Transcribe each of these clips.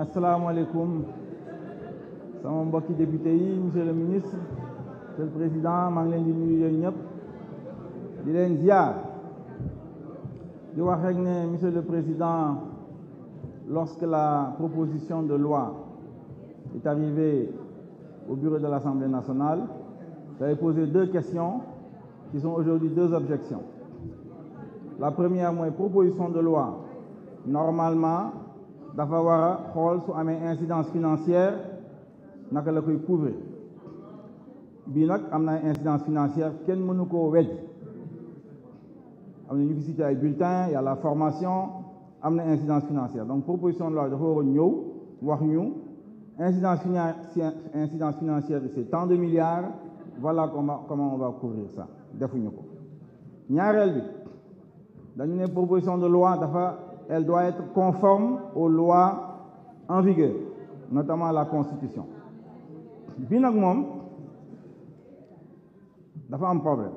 alaikum. sama mbokki député monsieur le ministre monsieur le président maa di monsieur le président lorsque la proposition de loi est arrivée au bureau de l'Assemblée nationale j'avais posé deux questions qui sont aujourd'hui deux objections la première moins proposition de loi normalement dafa war a xool su amee incidence financière naka la koy couvrir bii nag am na incidence financière kenn mënu koo wej am na ñu fi cité bulletin y a la formation am na incidence financière donc proposition de loi dafa war a ñëw wax ñu incidence financière incidence financière c'est tant de milliards voilà comment comment on va couvrir ça defuñu ko ñaareel bi dañu ne proposition de loi dafa elle doit être conforme aux lois en vigueur, notamment la Constitution. bi nag un avons un problème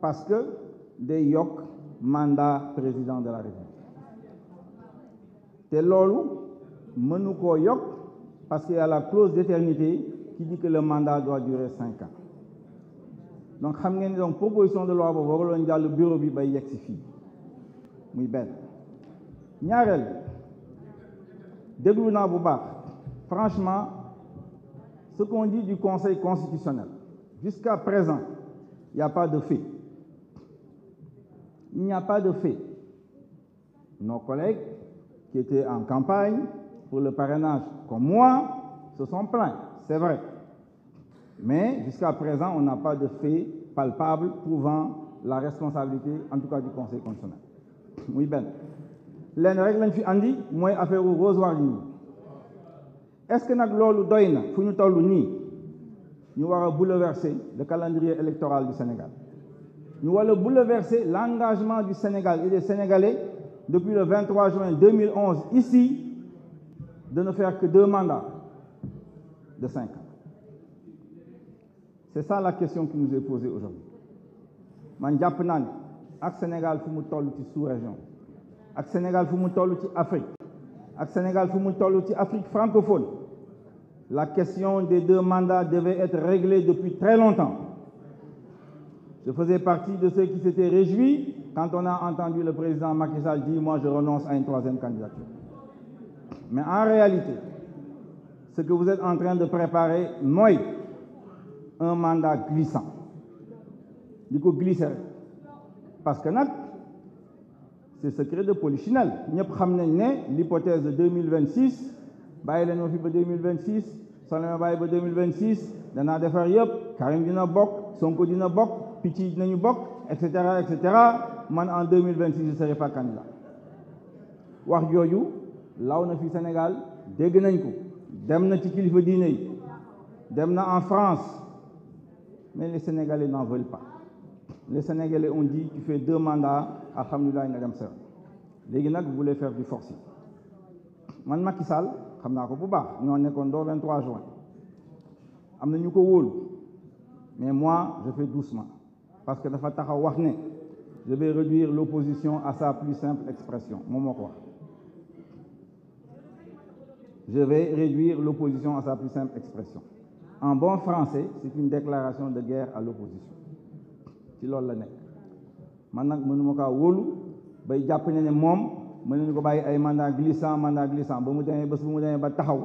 parce que des yok mandat président de la République C'est loolu mënu yok, parce qu'il y a la clause d'éternité qui dit que le mandat doit durer 5 ans donc xam proposition de loi pour le le bureau bi bay yegg ñaareel déglu franchement ce qu'on dit du conseil constitutionnel jusqu'à présent il n'y a pas de fait il n'y a pas de fait nos collègues qui étaient en campagne pour le parrainage comme moi se sont plaints c'est vrai mais jusqu'à présent on n'a pas de fait palpable prouvant la responsabilité en tout cas du conseil constitutionnel Oui, Ben les rek lañ fi andi moy affaire est-ce que nous avons dit que nous ñu bouleverser le calendrier électoral du Sénégal Nous allons bouleverser l'engagement du Sénégal et des Sénégalais depuis le 23 juin 2011 ici de ne faire que deux mandats de cinq ans c'est ça la question qui nous est posée aujourd'hui man Sénégal sous-région avec Sénégal fu mu ci Afrique ak Sénégal fu mu Afrique francophone la question des deux mandats devait être réglée depuis très longtemps je faisais partie de ceux qui s'étaient réjouis quand on a entendu le président Macky Sall dire moi je renonce à une troisième candidature mais en réalité ce que vous êtes en train de préparer moi, un mandat glissant Du coup, glisser parce que notre c'est secret de polichinelle Nous xam nañ l'hypothèse de 2026 Baye leen 2026 Salama Baye ba 2026 danaa defar Karim dina Bok, Sonko dina Bok, Piti Dina Bok, etc. et man en 2026 je ne serai pas candidat wax Yoyou, là où on Sénégal au Sénégal, ko dem na ci kilifa veulent en France mais les Sénégalais n'en veulent pas les Sénégalais ont dit tu fais deux mandats à nga dem sa faire du man Macky Sall 23 juin mais moi je fais doucement parce que dafa je vais réduire l'opposition à sa plus simple expression je vais réduire l'opposition à sa plus simple expression en bon français c'est une déclaration de guerre à l'opposition la man nak mënuma ka kaa bay japp ne mom moom ñu ko bàyyi ay mandat glissant mandat glissant ba mu demee bés bu mu demee ba taxaw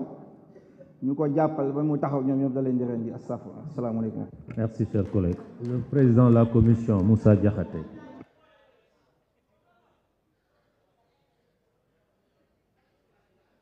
ñu ko jappal ba mu taxaw ñom ñoom da leen di rendi asalaamaaleykum merci cher collègue le président de la commission Moussa Diakhaté